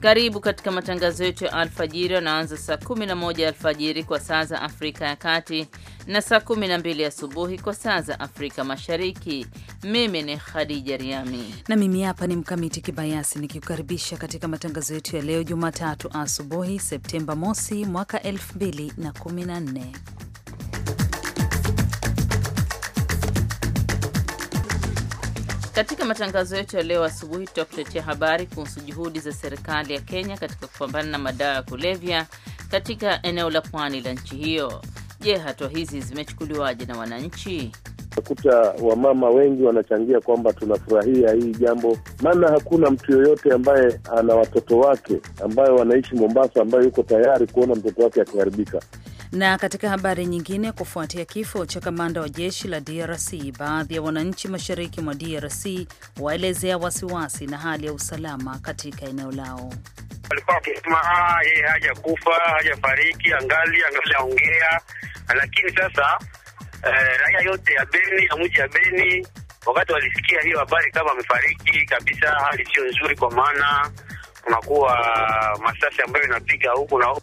Karibu katika matangazo yetu ya alfajiri yanaanza saa 11 alfajiri kwa saa za Afrika ya Kati na saa 12 asubuhi kwa saa za Afrika Mashariki. Mimi ni Khadija Riami na mimi hapa ni Mkamiti Kibayasi nikikukaribisha katika matangazo yetu ya leo Jumatatu asubuhi, Septemba mosi mwaka 2014. Katika matangazo yetu ya leo asubuhi, tutakuletea habari kuhusu juhudi za serikali ya Kenya katika kupambana na madawa ya kulevya katika eneo la pwani la nchi hiyo. Je, hatua hizi zimechukuliwaje na wananchi? Kuta wamama wengi wanachangia kwamba tunafurahia hii jambo, maana hakuna mtu yoyote ambaye ana watoto wake ambayo wanaishi Mombasa, ambayo yuko tayari kuona mtoto wake akiharibika. Na katika habari nyingine, kufuatia kifo cha kamanda wa jeshi la DRC, baadhi ya wananchi mashariki mwa DRC waelezea wasiwasi na hali ya usalama katika eneo lao. Walikuwa wakisema ah, yeye hajakufa, hajafariki, angali angali aongea, lakini sasa eh, raia yote ya Beni ya mji ya Beni wakati walisikia hiyo habari kama amefariki kabisa, hali sio nzuri, kwa maana kunakuwa ah, masasi ambayo inapiga huku na huku.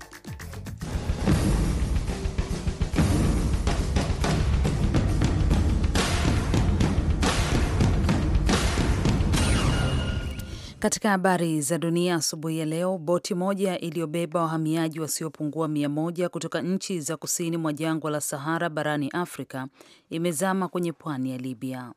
Katika habari za dunia asubuhi ya leo, boti moja iliyobeba wahamiaji wasiopungua mia moja kutoka nchi za kusini mwa jangwa la Sahara barani Afrika imezama kwenye pwani ya Libya.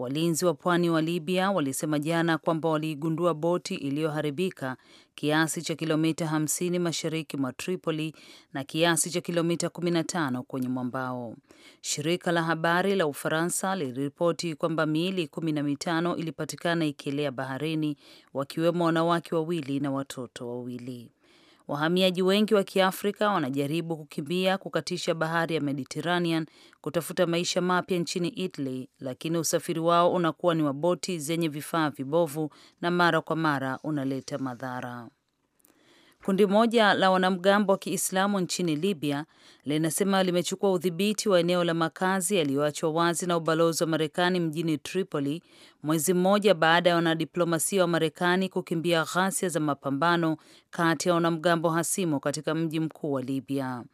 Walinzi wa pwani wa Libya walisema jana kwamba waliigundua boti iliyoharibika kiasi cha kilomita 50 mashariki mwa Tripoli na kiasi cha kilomita 15 kwenye mwambao. Shirika la habari la Ufaransa liliripoti kwamba miili kumi na mitano ilipatikana ikielea baharini, wakiwemo wanawake wawili na watoto wawili. Wahamiaji wengi wa Kiafrika wanajaribu kukimbia kukatisha bahari ya Mediterranean kutafuta maisha mapya nchini Italy, lakini usafiri wao unakuwa ni wa boti zenye vifaa vibovu na mara kwa mara unaleta madhara. Kundi moja la wanamgambo wa Kiislamu nchini Libya linasema limechukua udhibiti wa eneo la makazi yaliyoachwa wazi na ubalozi wa Marekani mjini Tripoli, mwezi mmoja baada ya wanadiplomasia wa Marekani kukimbia ghasia za mapambano kati ya wanamgambo hasimu katika mji mkuu wa Libya.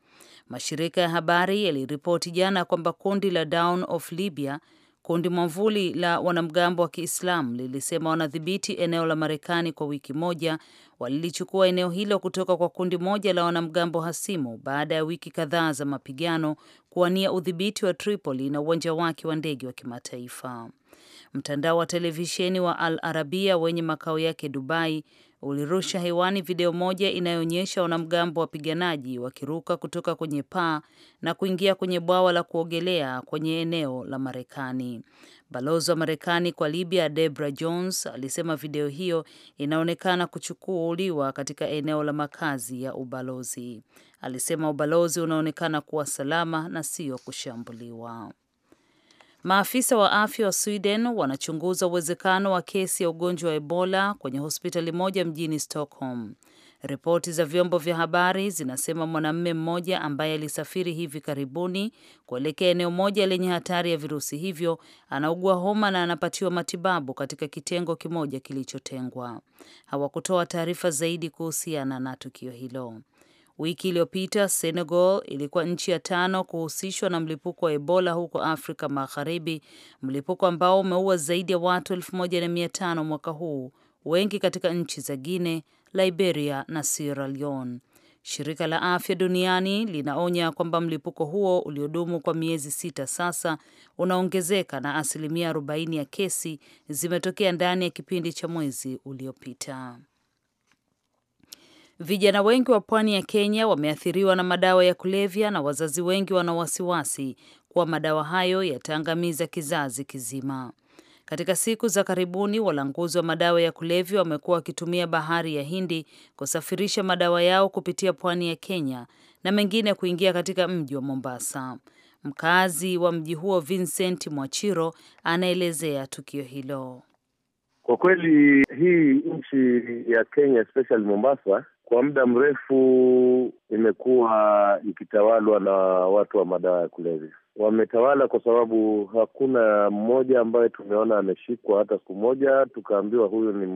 Mashirika ya habari yaliripoti jana kwamba kundi la Dawn of Libya Kundi mwamvuli la wanamgambo wa Kiislamu lilisema wanadhibiti eneo la Marekani kwa wiki moja. Walilichukua eneo hilo kutoka kwa kundi moja la wanamgambo hasimu baada ya wiki kadhaa za mapigano kuwania udhibiti wa Tripoli na uwanja wake wa ndege wa kimataifa. Mtandao wa televisheni wa Al Arabia wenye makao yake Dubai ulirusha hewani video moja inayoonyesha wanamgambo wapiganaji wakiruka kutoka kwenye paa na kuingia kwenye bwawa la kuogelea kwenye eneo la Marekani. Balozi wa Marekani kwa Libya, Debra Jones, alisema video hiyo inaonekana kuchukuliwa katika eneo la makazi ya ubalozi. Alisema ubalozi unaonekana kuwa salama na sio kushambuliwa. Maafisa wa afya wa Sweden wanachunguza uwezekano wa kesi ya ugonjwa wa Ebola kwenye hospitali moja mjini Stockholm. Ripoti za vyombo vya habari zinasema mwanamume mmoja ambaye alisafiri hivi karibuni kuelekea eneo moja lenye hatari ya virusi hivyo anaugua homa na anapatiwa matibabu katika kitengo kimoja kilichotengwa. Hawakutoa taarifa zaidi kuhusiana na tukio hilo. Wiki iliyopita Senegal ilikuwa nchi ya tano kuhusishwa na mlipuko wa Ebola huko Afrika Magharibi, mlipuko ambao umeua zaidi ya watu 15 mwaka huu, wengi katika nchi za guine Liberia na Sierra Leone. Shirika la Afya Duniani linaonya kwamba mlipuko huo uliodumu kwa miezi sita sasa unaongezeka na asilimia 40 ya kesi zimetokea ndani ya kipindi cha mwezi uliopita. Vijana wengi wa pwani ya Kenya wameathiriwa na madawa ya kulevya na wazazi wengi wana wasiwasi kuwa madawa hayo yataangamiza kizazi kizima. Katika siku za karibuni walanguzi wa madawa ya kulevya wamekuwa wakitumia bahari ya Hindi kusafirisha madawa yao kupitia pwani ya Kenya na mengine kuingia katika mji wa Mombasa. Mkazi wa mji huo Vincent Mwachiro anaelezea tukio hilo. Kwa kweli hii nchi ya Kenya especially Mombasa kwa muda mrefu imekuwa ikitawalwa na watu wa madawa ya kulevya. Wametawala kwa sababu hakuna mmoja ambaye tumeona ameshikwa hata siku moja tukaambiwa huyu ni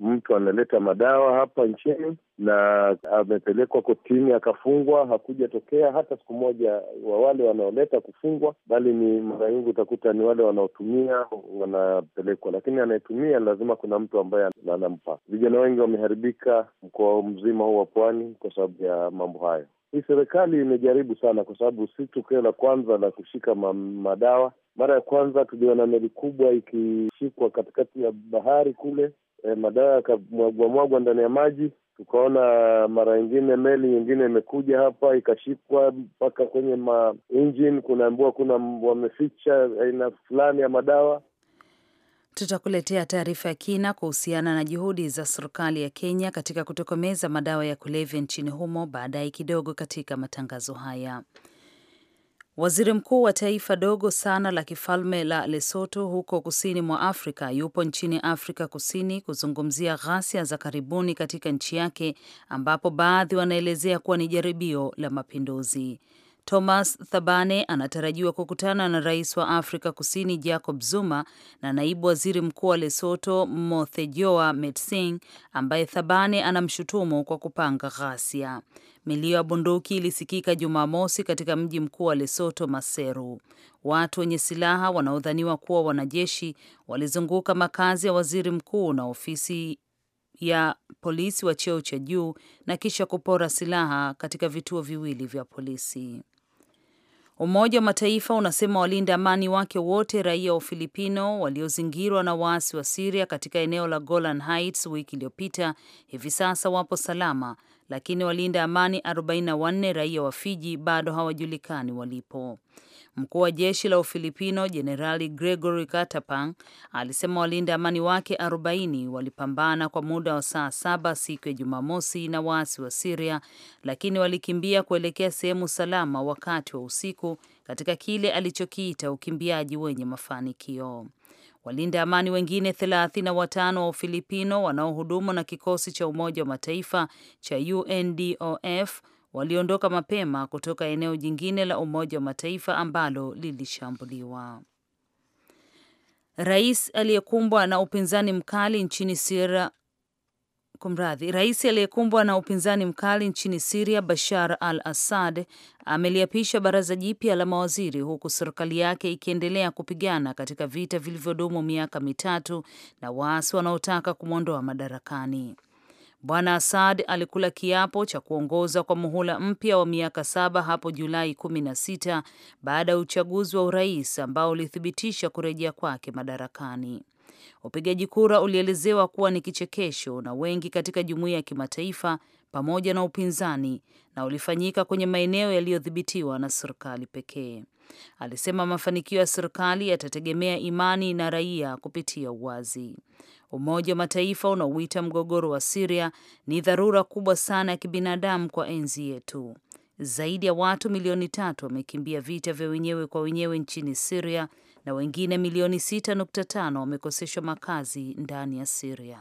mtu analeta madawa hapa nchini na amepelekwa kotini akafungwa, hakujatokea hata siku moja wa wale wanaoleta kufungwa, bali ni mara nyingi utakuta ni wale wanaotumia wanapelekwa, lakini anayetumia lazima kuna mtu ambaye anampa. Vijana wengi wameharibika mkoa mzima huu wa Pwani kwa sababu ya mambo hayo. Hii serikali imejaribu sana, kwa sababu si tukio la kwanza la kushika ma madawa. Mara ya kwanza tuliona meli kubwa ikishikwa katikati ya bahari kule, e, madawa mwagwa ndani ya maji. Tukaona mara nyingine meli nyingine imekuja hapa ikashikwa mpaka kwenye ma engine, kunaambiwa kuna wameficha aina fulani ya madawa. Tutakuletea taarifa ya kina kuhusiana na juhudi za serikali ya Kenya katika kutokomeza madawa ya kulevya nchini humo baadaye kidogo katika matangazo haya. Waziri mkuu wa taifa dogo sana la kifalme la Lesotho huko kusini mwa Afrika yupo nchini Afrika Kusini kuzungumzia ghasia za karibuni katika nchi yake ambapo baadhi wanaelezea kuwa ni jaribio la mapinduzi. Thomas Thabane anatarajiwa kukutana na rais wa Afrika Kusini Jacob Zuma na naibu waziri mkuu wa lesoto Mothejoa Metsing, ambaye Thabane anamshutumu kwa kupanga ghasia. Milio ya bunduki ilisikika Jumamosi katika mji mkuu wa lesoto Maseru. Watu wenye silaha wanaodhaniwa kuwa wanajeshi walizunguka makazi ya waziri mkuu na ofisi ya polisi wa cheo cha juu na kisha kupora silaha katika vituo viwili vya polisi. Umoja wa Mataifa unasema walinda amani wake wote raia wa Ufilipino waliozingirwa na waasi wa Siria katika eneo la Golan Heights wiki iliyopita hivi sasa wapo salama, lakini walinda amani 44 raia wa Fiji bado hawajulikani walipo. Mkuu wa jeshi la Ufilipino Jenerali Gregory Katapang alisema walinda amani wake 40 walipambana kwa muda wa saa saba siku ya Jumamosi na waasi wa Siria, lakini walikimbia kuelekea sehemu salama wakati wa usiku katika kile alichokiita ukimbiaji wenye mafanikio. Walinda amani wengine thelathini wa Ufilipino wanaohudumu na kikosi cha Umoja wa Mataifa cha UNDOF waliondoka mapema kutoka eneo jingine la Umoja wa Mataifa ambalo lilishambuliwa. Rais aliyekumbwa na upinzani mkali nchini Syria Kumradhi, rais aliyekumbwa na upinzani mkali nchini Siria Bashar al Assad ameliapisha baraza jipya la mawaziri huku serikali yake ikiendelea kupigana katika vita vilivyodumu miaka mitatu na waasi wanaotaka kumwondoa madarakani. Bwana Assad alikula kiapo cha kuongoza kwa muhula mpya wa miaka saba hapo Julai 16 baada ya uchaguzi wa urais ambao ulithibitisha kurejea kwake madarakani. Upigaji kura ulielezewa kuwa ni kichekesho na wengi katika jumuiya ya kimataifa pamoja na upinzani na ulifanyika kwenye maeneo yaliyodhibitiwa na serikali pekee. Alisema mafanikio ya serikali yatategemea imani na raia kupitia uwazi. Umoja wa Mataifa unaowita mgogoro wa Siria ni dharura kubwa sana ya kibinadamu kwa enzi yetu. Zaidi ya watu milioni tatu wamekimbia vita vya wenyewe kwa wenyewe nchini Siria na wengine milioni 6.5 wamekoseshwa makazi ndani ya Siria.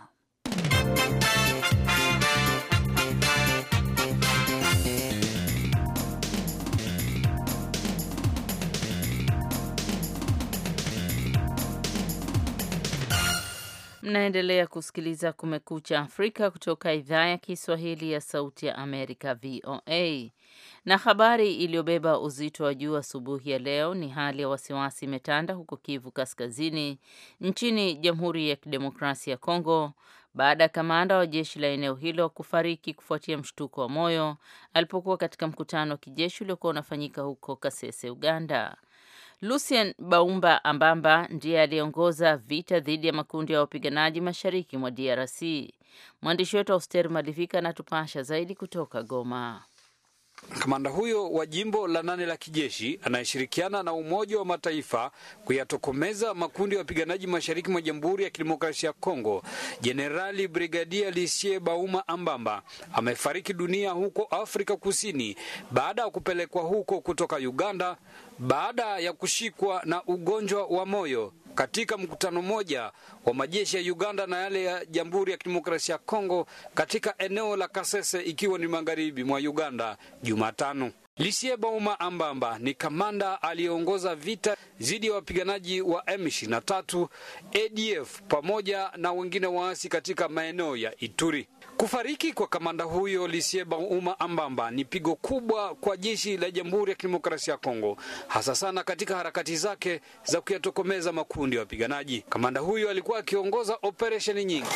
Mnaendelea kusikiliza Kumekucha Afrika kutoka idhaa ya Kiswahili ya Sauti ya Amerika, VOA. Na habari iliyobeba uzito wa juu asubuhi ya leo ni hali ya wasiwasi imetanda huko Kivu Kaskazini nchini Jamhuri ya Kidemokrasia ya Kongo baada ya kamanda wa jeshi la eneo hilo kufariki kufuatia mshtuko wa moyo alipokuwa katika mkutano wa kijeshi uliokuwa unafanyika huko Kasese, Uganda. Lucien Baumba Ambamba ndiye aliongoza vita dhidi ya makundi ya wapiganaji mashariki mwa DRC. Mwandishi wetu Auster Malivika anatupasha zaidi kutoka Goma. Kamanda huyo wa jimbo la nane la kijeshi anayeshirikiana na Umoja wa Mataifa kuyatokomeza makundi ya wapiganaji mashariki mwa Jamhuri ya Kidemokrasia ya Kongo, Jenerali Brigadia Lisie Bauma Ambamba amefariki dunia huko Afrika Kusini baada ya kupelekwa huko kutoka Uganda baada ya kushikwa na ugonjwa wa moyo katika mkutano mmoja wa majeshi ya Uganda na yale ya Jamhuri ya Kidemokrasia ya Kongo katika eneo la Kasese ikiwa ni magharibi mwa Uganda Jumatano. Lisie Bauma Ambamba ni kamanda aliyeongoza vita dhidi ya wapiganaji wa M23, ADF pamoja na wengine waasi katika maeneo ya Ituri. Kufariki kwa kamanda huyo Lisieba Uma Ambamba ni pigo kubwa kwa jeshi la Jamhuri ya Kidemokrasia ya Kongo, hasa sana katika harakati zake za kuyatokomeza makundi ya wapiganaji. Kamanda huyo alikuwa akiongoza operesheni nyingi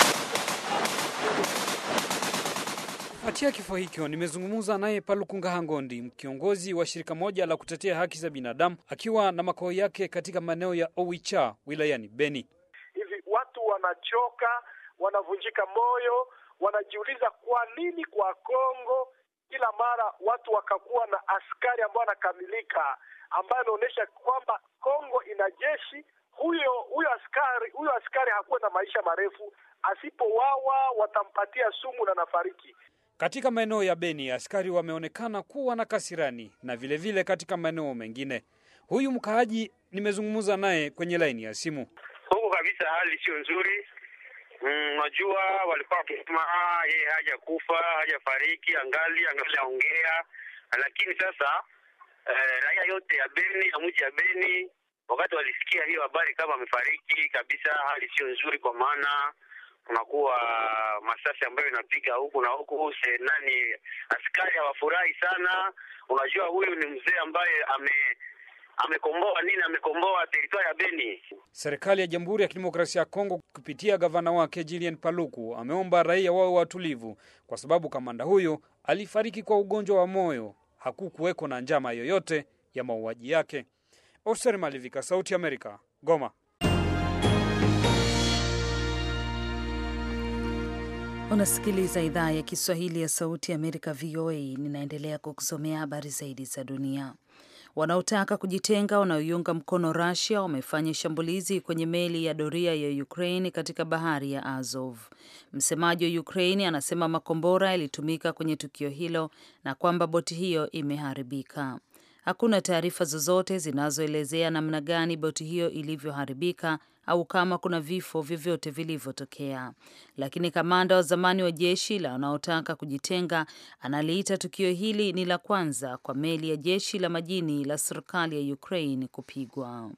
Kufuatia kifo hicho, nimezungumza naye Palukunga Hangondi, kiongozi wa shirika moja la kutetea haki za binadamu, akiwa na makao yake katika maeneo ya Owicha wilayani Beni. Hivi watu wanachoka, wanavunjika moyo, wanajiuliza kwa nini kwa Kongo kila mara watu wakakuwa na askari ambao anakamilika, ambayo inaonyesha kwamba Kongo ina jeshi huyo huyo askari huyo askari hakuwa na maisha marefu, asipowawa watampatia sumu na nafariki. Katika maeneo ya Beni askari wameonekana kuwa na kasirani na vilevile vile katika maeneo mengine. Huyu mkaaji nimezungumza naye kwenye laini ya simu. Huku kabisa hali sio nzuri. Mm, unajua mm, walikuwa wakisema ah, yeye haja fariki, angali angali aongea, lakini sasa eh, raia yote ya Beni ya mji ya Beni wakati walisikia hiyo habari kama amefariki kabisa, hali sio nzuri kwa maana kunakuwa masasi ambayo inapiga huku na huku, se nani askari hawafurahi sana. Unajua, huyu ni mzee ambaye ame amekomboa nini, amekomboa teritoria ya Beni. Serikali ya Jamhuri ya Kidemokrasia ya Kongo kupitia gavana wake Julien Paluku ameomba raia wawe watulivu, kwa sababu kamanda huyo alifariki kwa ugonjwa wa moyo, hakukuweko na njama yoyote ya mauaji yake. Oser Malivika, Sauti Amerika, Goma. Unasikiliza idhaa ya Kiswahili ya Sauti ya Amerika, VOA. Ninaendelea kukusomea habari zaidi za dunia. Wanaotaka kujitenga wanaoiunga mkono rasia wamefanya shambulizi kwenye meli ya doria ya Ukraine katika bahari ya Azov. Msemaji wa Ukraine anasema makombora yalitumika kwenye tukio hilo na kwamba boti hiyo imeharibika. Hakuna taarifa zozote zinazoelezea namna gani boti hiyo ilivyoharibika au kama kuna vifo vyovyote vilivyotokea. Lakini kamanda wa zamani wa jeshi la wanaotaka kujitenga analiita tukio hili ni la kwanza kwa meli ya jeshi la majini la serikali ya Ukraine kupigwa.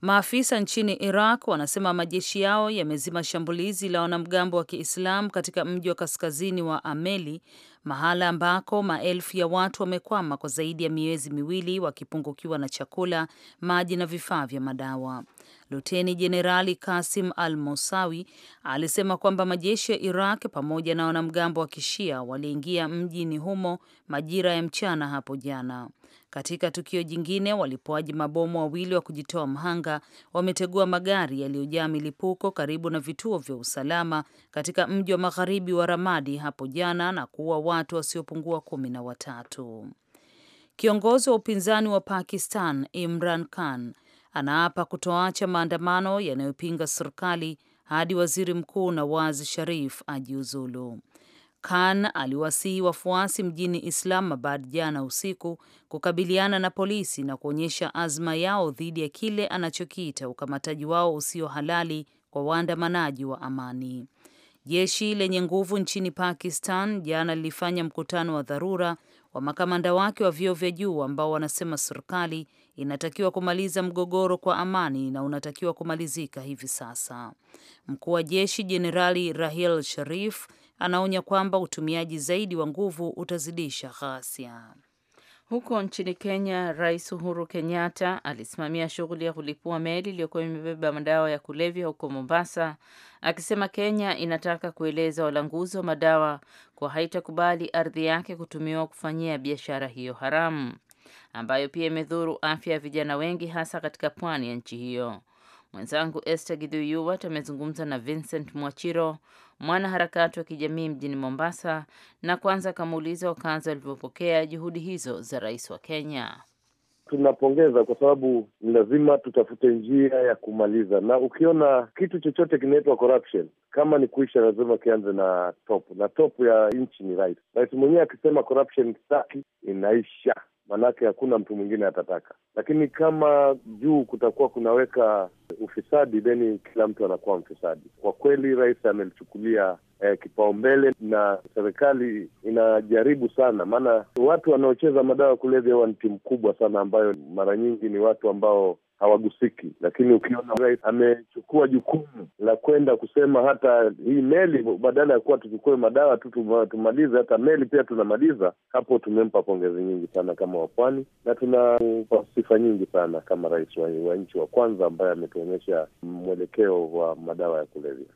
Maafisa nchini Iraq wanasema majeshi yao yamezima shambulizi la wanamgambo wa Kiislamu katika mji wa kaskazini wa Ameli, mahala ambako maelfu ya watu wamekwama kwa zaidi ya miezi miwili wakipungukiwa na chakula, maji na vifaa vya madawa. Luteni Jenerali Kasim Al Mosawi alisema kwamba majeshi ya Iraq pamoja na wanamgambo wa Kishia waliingia mjini humo majira ya mchana hapo jana. Katika tukio jingine, walipoaji mabomu wawili wa kujitoa mhanga wametegua magari yaliyojaa milipuko karibu na vituo vya usalama katika mji wa magharibi wa Ramadi hapo jana na kuua watu wasiopungua kumi na watatu. Kiongozi wa upinzani wa Pakistan Imran Khan anaapa kutoacha maandamano yanayopinga serikali hadi waziri mkuu Nawaz Sharif ajiuzulu. Khan aliwasihi wafuasi mjini Islamabad jana usiku kukabiliana na polisi na kuonyesha azma yao dhidi ya kile anachokiita ukamataji wao usio halali kwa waandamanaji wa amani. Jeshi lenye nguvu nchini Pakistan jana lilifanya mkutano wa dharura wa makamanda wake wa vyeo vya juu ambao wanasema serikali inatakiwa kumaliza mgogoro kwa amani na unatakiwa kumalizika hivi sasa. Mkuu wa jeshi Jenerali rahil Sharif anaonya kwamba utumiaji zaidi wa nguvu utazidisha ghasia. Huko nchini Kenya, Rais Uhuru Kenyatta alisimamia shughuli ya kulipua meli iliyokuwa imebeba madawa ya kulevya huko Mombasa, akisema Kenya inataka kueleza walanguzi wa madawa kwa haitakubali ardhi yake kutumiwa kufanyia biashara hiyo haramu ambayo pia imedhuru afya ya vijana wengi hasa katika pwani ya nchi hiyo. Mwenzangu Esther Gidhuyuwat amezungumza na Vincent Mwachiro, mwanaharakati wa kijamii mjini Mombasa, na kwanza akamuuliza wakazi walivyopokea juhudi hizo za rais wa Kenya. Tunapongeza kwa sababu ni lazima tutafute njia ya kumaliza, na ukiona kitu chochote kinaitwa corruption, kama ni kuisha, lazima kianze na top, na top ya nchi ni rais. Rais mwenyewe akisema corruption staki, inaisha maanake hakuna mtu mwingine atataka. Lakini kama juu kutakuwa kunaweka ufisadi, theni kila mtu anakuwa mfisadi. Kwa kweli, rais amelichukulia eh, kipaumbele na serikali inajaribu sana, maana watu wanaocheza madawa ya kulevya huwa ni timu kubwa sana, ambayo mara nyingi ni watu ambao hawagusiki, lakini ukiona rais amechukua jukumu la kwenda kusema hata hii meli, badala ya kuwa tuchukue madawa tu tumalize, hata meli pia tunamaliza, hapo tumempa pongezi nyingi sana kama wapwani, na tuna sifa nyingi sana kama rais wa, wa nchi wa kwanza ambaye ametuonyesha mwelekeo wa madawa ya kulevya.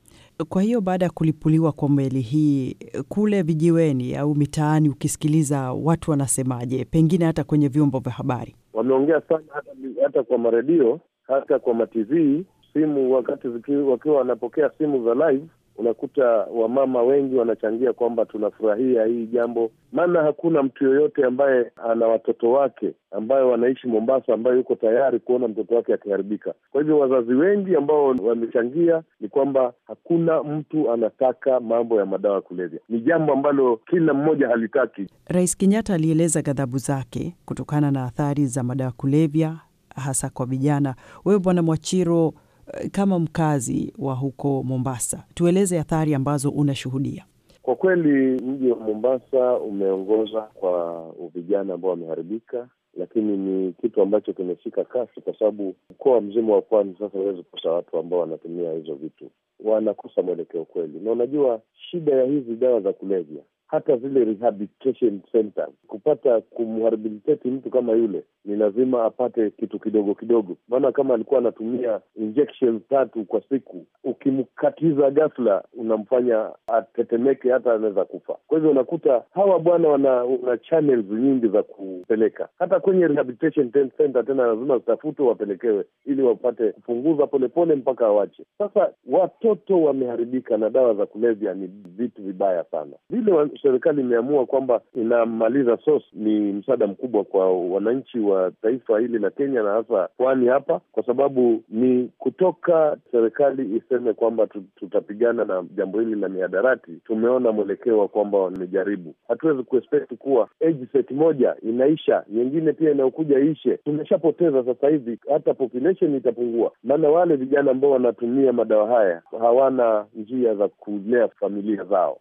Kwa hiyo baada ya kulipuliwa kwa meli hii kule vijiweni au mitaani, ukisikiliza watu wanasemaje, pengine hata kwenye vyombo vya habari wameongea sana hata, hata kwa maredio hata kwa matv simu, wakati wakiwa wanapokea simu za live unakuta wamama wengi wanachangia kwamba tunafurahia hii jambo, maana hakuna mtu yoyote ambaye ana watoto wake ambayo wanaishi Mombasa ambayo yuko tayari kuona mtoto wake akiharibika. Kwa hivyo wazazi wengi ambao wamechangia ni kwamba hakuna mtu anataka mambo ya madawa ya kulevya, ni jambo ambalo kila mmoja halitaki. Rais Kenyatta alieleza ghadhabu zake kutokana na athari za madawa ya kulevya hasa kwa vijana. Wewe Bwana Mwachiro, kama mkazi wa huko Mombasa, tueleze athari ambazo unashuhudia. Kwa kweli mji wa Mombasa umeongoza kwa vijana ambao wameharibika, lakini ni kitu ambacho kimeshika kasi, kwa sababu mkoa mzima wa pwani sasa huwezi kukosa watu ambao wanatumia hizo vitu, wanakosa mwelekeo kweli. Na unajua shida ya hizi dawa za kulevya hata zile rehabilitation centers kupata kumrehabilitate mtu kama yule, ni lazima apate kitu kidogo kidogo. Maana kama alikuwa anatumia injections tatu kwa siku, ukimkatiza ghafla unamfanya atetemeke, hata anaweza kufa. Kwa hivyo unakuta hawa bwana wana, wana channels nyingi za kupeleka hata kwenye rehabilitation center, tena lazima zitafutwe, wapelekewe ili wapate kupunguza polepole mpaka awache. Sasa watoto wameharibika na dawa za kulevya ni vitu vibaya sana vile serikali imeamua kwamba inamaliza sos ni msaada mkubwa kwa wananchi wa taifa hili la Kenya na hasa pwani hapa, kwa sababu ni kutoka serikali iseme kwamba tutapigana na jambo hili la mihadarati. Tumeona mwelekeo wa kwamba wamejaribu. Hatuwezi kuexpect kuwa age set moja inaisha nyingine pia inayokuja ishe. Tumeshapoteza sasa hivi, hata population itapungua, maana wale vijana ambao wanatumia madawa haya hawana njia za kulea familia zao.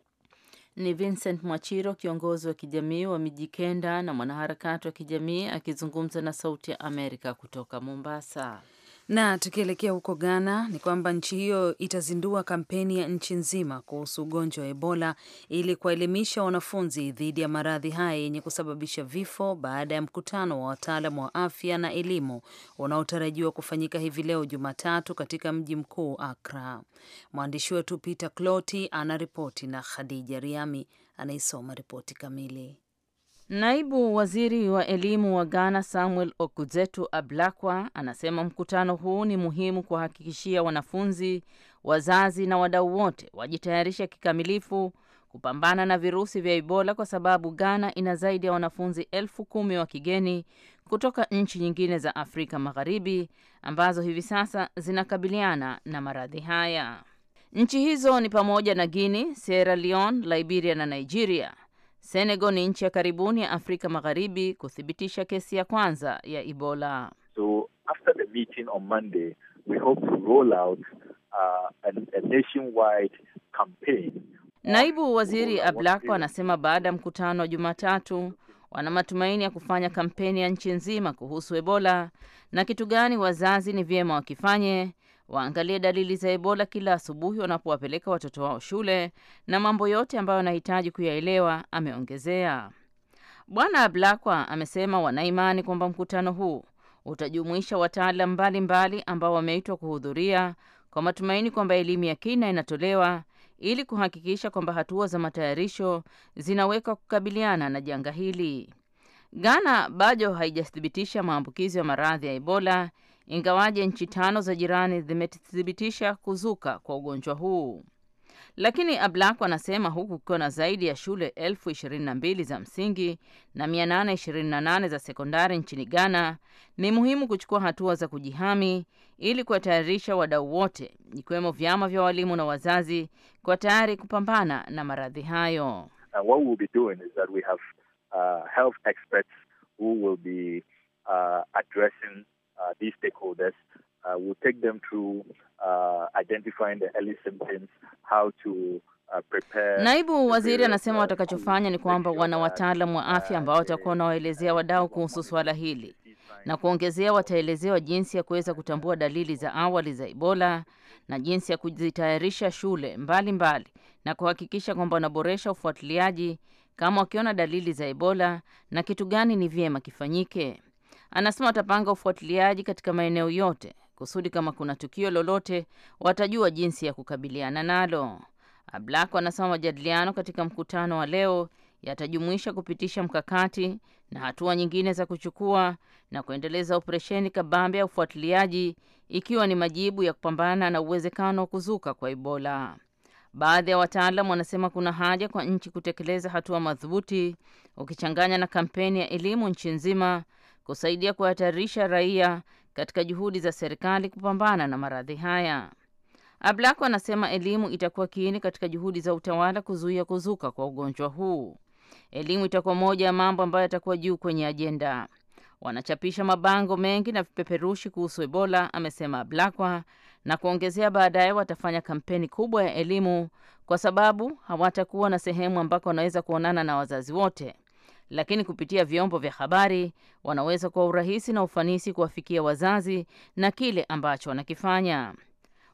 Ni Vincent Mwachiro, kiongozi wa kijamii wa Mijikenda na mwanaharakati wa kijamii akizungumza na Sauti ya Amerika kutoka Mombasa. Na tukielekea huko Ghana ni kwamba nchi hiyo itazindua kampeni ya nchi nzima kuhusu ugonjwa wa Ebola ili kuwaelimisha wanafunzi dhidi ya maradhi haya yenye kusababisha vifo baada ya mkutano wa wataalam wa afya na elimu unaotarajiwa kufanyika hivi leo Jumatatu katika mji mkuu Akra. Mwandishi wetu Peter Cloti anaripoti na Khadija Riami anaisoma ripoti kamili. Naibu waziri wa elimu wa Ghana Samuel Okudzetu Ablakwa anasema mkutano huu ni muhimu kuwahakikishia wanafunzi, wazazi na wadau wote wajitayarisha kikamilifu kupambana na virusi vya Ebola kwa sababu Ghana ina zaidi ya wanafunzi elfu kumi wa kigeni kutoka nchi nyingine za Afrika Magharibi ambazo hivi sasa zinakabiliana na maradhi haya. Nchi hizo ni pamoja na Guinea, Sierra Leone, Liberia na Nigeria. Senegal ni nchi ya karibuni ya Afrika Magharibi kuthibitisha kesi ya kwanza ya Ebola. So after the meeting on Monday, we hope to roll out uh, a, nationwide campaign. Naibu Waziri Ablako anasema baada ya mkutano wa Jumatatu wana matumaini ya kufanya kampeni ya nchi nzima kuhusu Ebola na kitu gani wazazi ni vyema wakifanye waangalie dalili za Ebola kila asubuhi wanapowapeleka watoto wao shule na mambo yote ambayo wanahitaji kuyaelewa, ameongezea. Bwana Ablakwa amesema wanaimani kwamba mkutano huu utajumuisha wataalam mbalimbali ambao wameitwa kuhudhuria kwa matumaini kwamba elimu ya kina inatolewa ili kuhakikisha kwamba hatua za matayarisho zinawekwa kukabiliana na janga hili. Ghana bado haijathibitisha maambukizi ya maradhi ya Ebola ingawaje nchi tano za jirani zimethibitisha kuzuka kwa ugonjwa huu. Lakini Ablak anasema huku kukiwa na zaidi ya shule elfu ishirini na mbili za msingi na 828 za sekondari nchini Ghana, ni muhimu kuchukua hatua za kujihami ili kuwatayarisha wadau wote, ikiwemo vyama vya walimu na wazazi, kwa tayari kupambana na maradhi hayo. Uh, uh, these stakeholders. Uh, we'll take them through uh, identifying the early symptoms, how to uh, naibu waziri anasema uh, watakachofanya ni kwamba wana wataalam wa uh, afya ambao watakuwa wanawaelezea wadau kuhusu suala hili, na kuongezea wataelezewa jinsi ya kuweza kutambua dalili za awali za Ebola na jinsi ya kuzitayarisha shule mbalimbali mbali, na kuhakikisha kwamba wanaboresha ufuatiliaji kama wakiona dalili za Ebola na kitu gani ni vyema kifanyike. Anasema watapanga ufuatiliaji katika maeneo yote kusudi kama kuna tukio lolote watajua jinsi ya kukabiliana nalo. Ablako anasema majadiliano katika mkutano wa leo yatajumuisha kupitisha mkakati na hatua nyingine za kuchukua na kuendeleza operesheni kabambe ya ufuatiliaji ikiwa ni majibu ya kupambana na uwezekano wa kuzuka kwa Ebola. Baadhi ya wataalam wanasema kuna haja kwa nchi kutekeleza hatua madhubuti ukichanganya na kampeni ya elimu nchi nzima kusaidia kuhatarisha raia katika juhudi za serikali kupambana na maradhi haya. Ablako anasema elimu itakuwa kiini katika juhudi za utawala kuzuia kuzuka kwa ugonjwa huu. Elimu itakuwa moja ya mambo ambayo yatakuwa juu kwenye ajenda. Wanachapisha mabango mengi na vipeperushi kuhusu Ebola, amesema Ablakwa, na kuongezea baadaye watafanya kampeni kubwa ya elimu, kwa sababu hawatakuwa na sehemu ambako wanaweza kuonana na wazazi wote lakini kupitia vyombo vya habari wanaweza kwa urahisi na ufanisi kuwafikia wazazi na kile ambacho wanakifanya.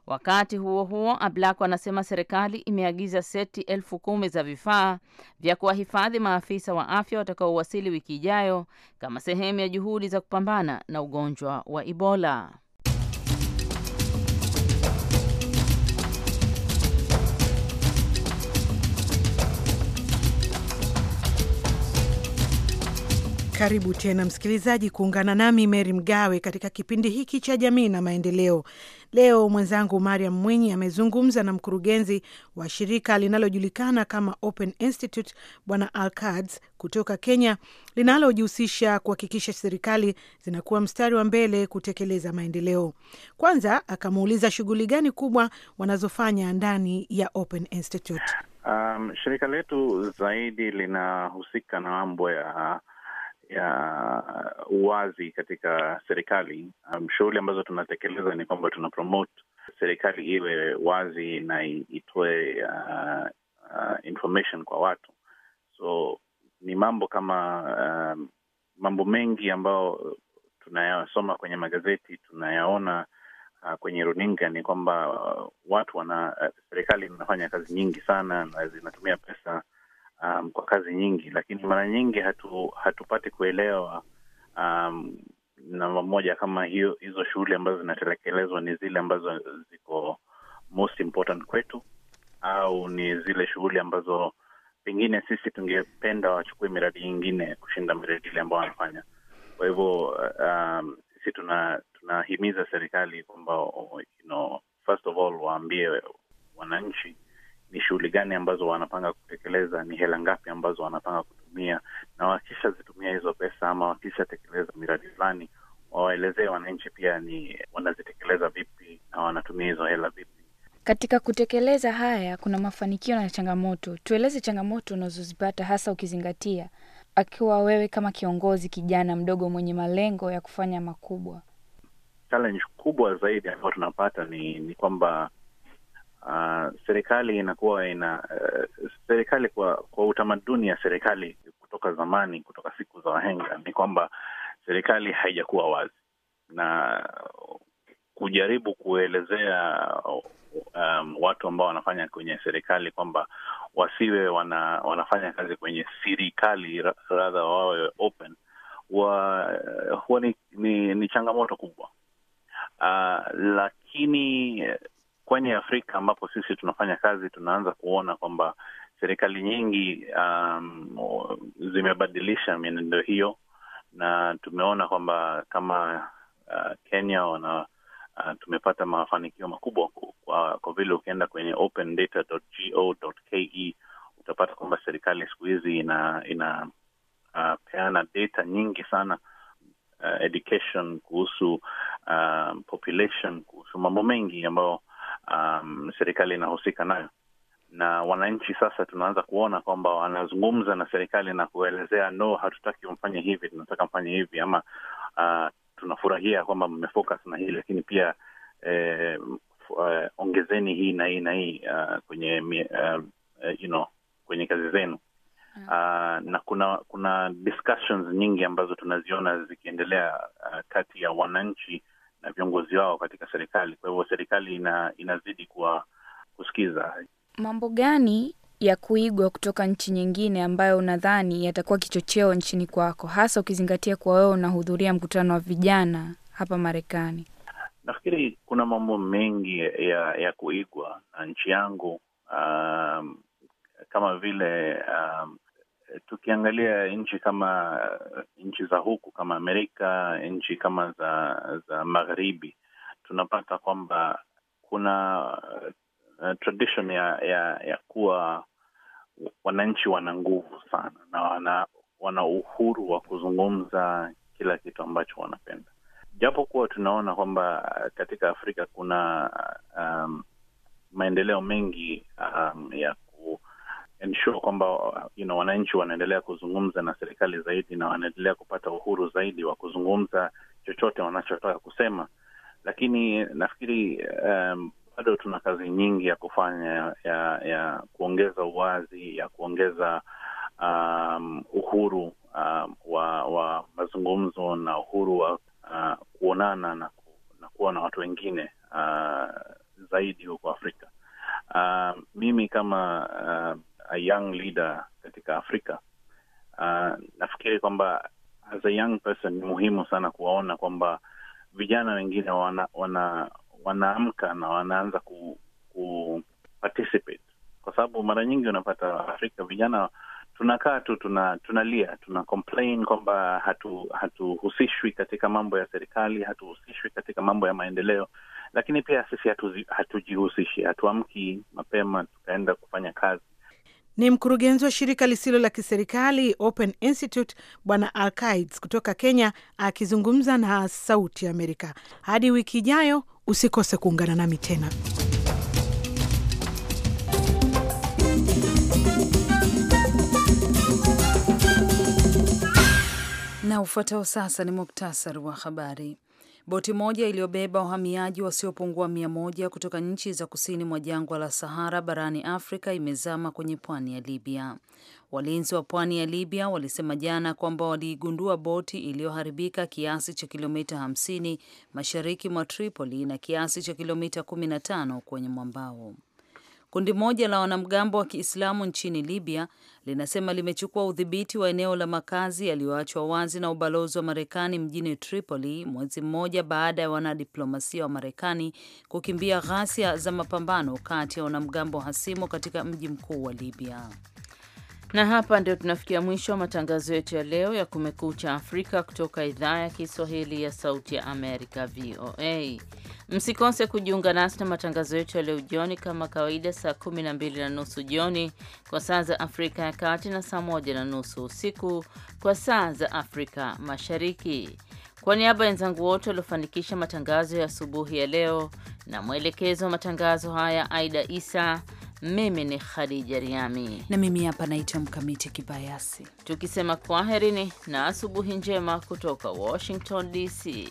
Wakati huo huo, Ablako anasema serikali imeagiza seti elfu kumi za vifaa vya kuwahifadhi maafisa wa afya watakaowasili wiki ijayo kama sehemu ya juhudi za kupambana na ugonjwa wa Ebola. Karibu tena msikilizaji, kuungana nami Meri Mgawe katika kipindi hiki cha jamii na maendeleo. Leo mwenzangu Mariam Mwinyi amezungumza na mkurugenzi wa shirika linalojulikana kama Open Institute Bwana Alkads kutoka Kenya, linalojihusisha kuhakikisha serikali zinakuwa mstari wa mbele kutekeleza maendeleo. Kwanza akamuuliza shughuli gani kubwa wanazofanya ndani ya Open Institute. Um, shirika letu zaidi linahusika na mambo ya ya uwazi katika serikali. Um, shughuli ambazo tunatekeleza ni kwamba tuna promote serikali iwe wazi na itoe uh, uh, information kwa watu, so ni mambo kama uh, mambo mengi ambayo tunayasoma kwenye magazeti tunayaona uh, kwenye runinga ni kwamba uh, watu wana uh, serikali inafanya kazi nyingi sana na zinatumia pesa um, kwa kazi nyingi, lakini mara nyingi hatu, hatupati kuelewa um, namba moja kama hiyo hizo shughuli ambazo zinatekelezwa ni zile ambazo ziko most important kwetu au ni zile shughuli ambazo pengine sisi tungependa wachukue miradi yingine kushinda miradi ile ambao wanafanya. Kwa hivyo um, sisi tuna tunahimiza serikali kwamba you know, first of all waambie wananchi ni shughuli gani ambazo wanapanga kutekeleza, ni hela ngapi ambazo wanapanga kutumia, na wakishazitumia hizo pesa ama wakishatekeleza miradi fulani, wawaelezee wananchi pia ni wanazitekeleza vipi na wanatumia hizo hela vipi. Katika kutekeleza haya kuna mafanikio na changamoto. Tueleze changamoto unazozipata hasa ukizingatia akiwa wewe kama kiongozi kijana mdogo mwenye malengo ya kufanya makubwa. Challenge kubwa zaidi ambayo tunapata ni, ni kwamba uh, serikali inakuwa ina uh, serikali kwa kwa utamaduni ya serikali kutoka zamani, kutoka siku za wahenga ni kwamba serikali haijakuwa wazi na kujaribu kuelezea um, watu ambao wanafanya kwenye serikali kwamba wasiwe wana, wanafanya kazi kwenye serikali radha wawe open wa, huwa ni, ni, ni changamoto kubwa uh, lakini kwenye Afrika ambapo sisi tunafanya kazi, tunaanza kuona kwamba serikali nyingi um, zimebadilisha mienendo hiyo, na tumeona kwamba kama uh, Kenya wana uh, tumepata mafanikio makubwa kwa, kwa vile ukienda kwenye opendata.go.ke utapata kwamba serikali siku hizi ina, ina uh, peana data nyingi sana uh, education kuhusu uh, population kuhusu mambo mengi ambayo um, serikali inahusika nayo na wananchi sasa tunaanza kuona kwamba wanazungumza na serikali na kuelezea no, hatutaki mfanye hivi, tunataka mfanye hivi, ama uh, tunafurahia kwamba mmefocus na hii, lakini pia eh, uh, ongezeni hii na hii na hii uh, kwenye uh, you know, kwenye kazi zenu mm. Uh, na kuna kuna discussions nyingi ambazo tunaziona zikiendelea uh, kati ya wananchi na viongozi wao katika serikali. Kwa hivyo serikali ina, inazidi kuwa kusikiza. Mambo gani ya kuigwa kutoka nchi nyingine ambayo unadhani yatakuwa kichocheo nchini kwako, hasa ukizingatia kuwa wewe unahudhuria mkutano wa vijana hapa Marekani? Nafikiri kuna mambo mengi ya ya kuigwa na nchi yangu, um, kama vile um, tukiangalia nchi kama eh, nchi za huku kama Amerika, nchi kama za za magharibi, tunapata kwamba kuna uh, tradition ya, ya ya kuwa wananchi wana nguvu sana na wana, wana uhuru wa kuzungumza kila kitu ambacho wanapenda, japo kuwa tunaona kwamba katika Afrika kuna um, maendeleo mengi um, ya ensure kwamba uh, you know, wananchi wanaendelea kuzungumza na serikali zaidi na wanaendelea kupata uhuru zaidi wa kuzungumza chochote wanachotaka kusema, lakini nafikiri um, bado tuna kazi nyingi ya kufanya ya, ya kuongeza uwazi ya kuongeza um, uhuru um, wa, wa mazungumzo na uhuru wa uh, kuonana na, ku, na kuwa na watu wengine uh, zaidi huko Afrika. Uh, mimi kama uh, a young leader katika Afrika. Uh, nafikiri kwamba as a young person ni muhimu sana kuwaona kwamba vijana wengine wana, wana, wanaamka na wanaanza ku, ku participate kwa sababu mara nyingi unapata Afrika vijana tunakaa tu tuna tunalia tuna complain kwamba hatuhusishwi hatu katika mambo ya serikali, hatuhusishwi katika mambo ya maendeleo, lakini pia sisi hatujihusishi hatu hatuamki mapema tukaenda kufanya kazi. Ni mkurugenzi wa shirika lisilo la kiserikali Open Institute Bwana Alkaids kutoka Kenya akizungumza na Sauti Amerika. Hadi wiki ijayo, usikose kuungana nami tena. Na ufuatao sasa ni muktasari wa habari. Boti moja iliyobeba wahamiaji wasiopungua mia moja kutoka nchi za kusini mwa jangwa la Sahara barani Afrika imezama kwenye pwani ya Libya. Walinzi wa pwani ya Libya walisema jana kwamba waliigundua boti iliyoharibika kiasi cha kilomita 50 mashariki mwa Tripoli na kiasi cha kilomita 15 kwenye mwambao. Kundi moja la wanamgambo wa Kiislamu nchini Libya linasema limechukua udhibiti wa eneo la makazi yaliyoachwa wazi na ubalozi wa Marekani mjini Tripoli mwezi mmoja baada ya wanadiplomasia wa Marekani kukimbia ghasia za mapambano kati ya wanamgambo hasimu katika mji mkuu wa Libya. Na hapa ndio tunafikia mwisho wa matangazo yetu ya leo ya Kumekucha Afrika kutoka idhaa ya Kiswahili ya Sauti ya Amerika, VOA. Msikose kujiunga nasi na matangazo yetu ya leo jioni, kama kawaida, saa 12 na nusu jioni kwa saa za Afrika ya Kati na saa 1 na nusu usiku kwa saa za Afrika Mashariki. Kwa niaba ya wenzangu wote waliofanikisha matangazo ya asubuhi ya leo na mwelekezo wa matangazo haya, Aida Isa mimi ni Khadija Riami na mimi hapa naitwa Mkamiti Kibayasi, tukisema kwaherini na asubuhi njema kutoka Washington DC.